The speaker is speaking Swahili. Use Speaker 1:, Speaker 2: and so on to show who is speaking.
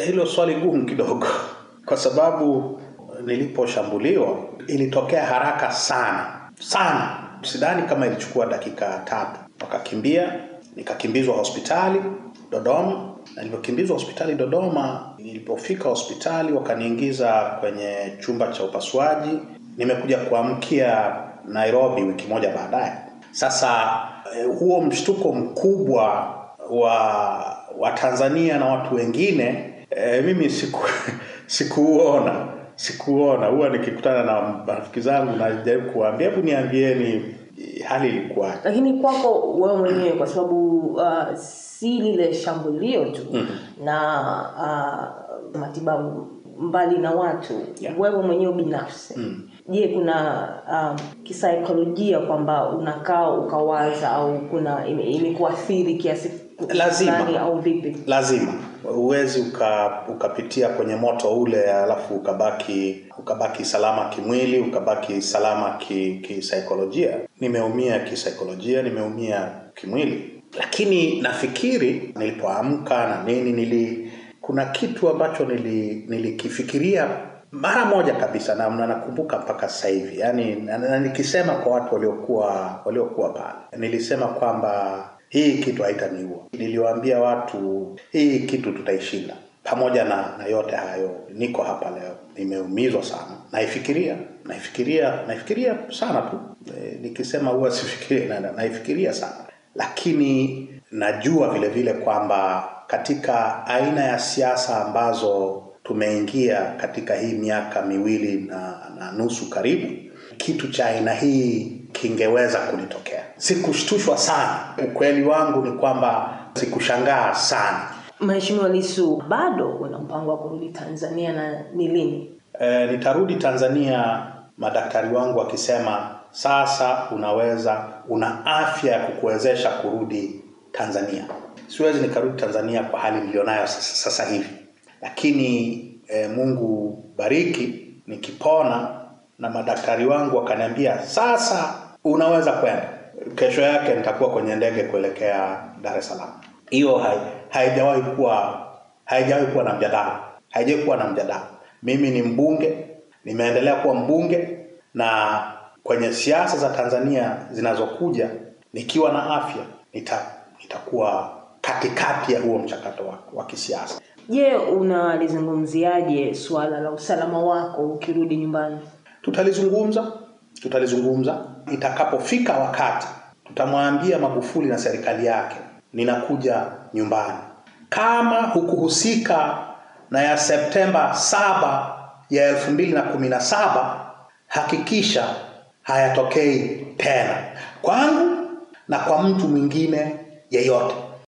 Speaker 1: hilo swali gumu kidogo, kwa sababu niliposhambuliwa ilitokea haraka sana sana. Sidhani kama ilichukua dakika tatu. Wakakimbia, nikakimbizwa hospitali Dodoma. Nilipokimbizwa hospitali Dodoma, nilipofika hospitali wakaniingiza kwenye chumba cha upasuaji. Nimekuja kuamkia Nairobi wiki moja baadaye. Sasa eh, huo mshtuko mkubwa wa Watanzania na watu wengine E, mimi siku sikuona sikuona, huwa nikikutana na marafiki zangu najaribu kuwaambia, hebu niambieni hali ilikuwa Lakini kwako wewe mwenyewe, kwa sababu uh, si lile shambulio tu mm -hmm. na uh, matibabu mbali na watu yeah. wewe mwenyewe binafsi mm. je kuna uh, kisaikolojia kwamba unakaa ukawaza au kuna imekuathiri ime kiasi lazima au vipi lazima huwezi uka, ukapitia kwenye moto ule alafu ukabaki ukabaki salama kimwili ukabaki salama kisaikolojia ki nimeumia kisaikolojia nimeumia kimwili lakini nafikiri nilipoamka na nini nili kuna kitu ambacho nili, nilikifikiria mara moja kabisa na nakumbuka mpaka sasa hivi yani na, na, nikisema kwa watu waliokuwa waliokuwa pale nilisema kwamba hii kitu haitaniua. Niliwaambia watu hii kitu tutaishinda pamoja na, na yote hayo. Niko hapa leo, nimeumizwa sana, naifikiria naifikiria naifikiria sana tu e, nikisema huwa sifikiri na, naifikiria sana, lakini najua vile vile kwamba katika aina ya siasa ambazo tumeingia katika hii miaka miwili na, na nusu karibu, kitu cha aina hii kingeweza kunitokea Sikushtushwa sana. Ukweli wangu ni kwamba sikushangaa sana. Mheshimiwa Lissu, bado una mpango wa kurudi Tanzania na ni lini? E, nitarudi Tanzania madaktari wangu wakisema sasa unaweza, una afya ya kukuwezesha kurudi Tanzania. Siwezi nikarudi Tanzania kwa hali niliyonayo sasa, sasa hivi, lakini e, Mungu bariki, nikipona na madaktari wangu wakaniambia sasa unaweza kwenda kesho yake nitakuwa kwenye ndege kuelekea Dar es Salaam. Hiyo haijawahi kuwa haijawahi kuwa na mjadala, haijawahi kuwa na mjadala. Mimi ni mbunge, nimeendelea kuwa mbunge, na kwenye siasa za Tanzania zinazokuja, nikiwa na afya nita, nitakuwa katikati ya huo mchakato wa, wa kisiasa. Je, unalizungumziaje suala la usalama wako ukirudi nyumbani? Tutalizungumza tutalizungumza. Itakapofika wakati, tutamwambia Magufuli na serikali yake, ninakuja nyumbani. Kama hukuhusika na ya Septemba saba ya elfu mbili na kumi na saba, hakikisha hayatokei tena kwangu na kwa mtu mwingine yeyote.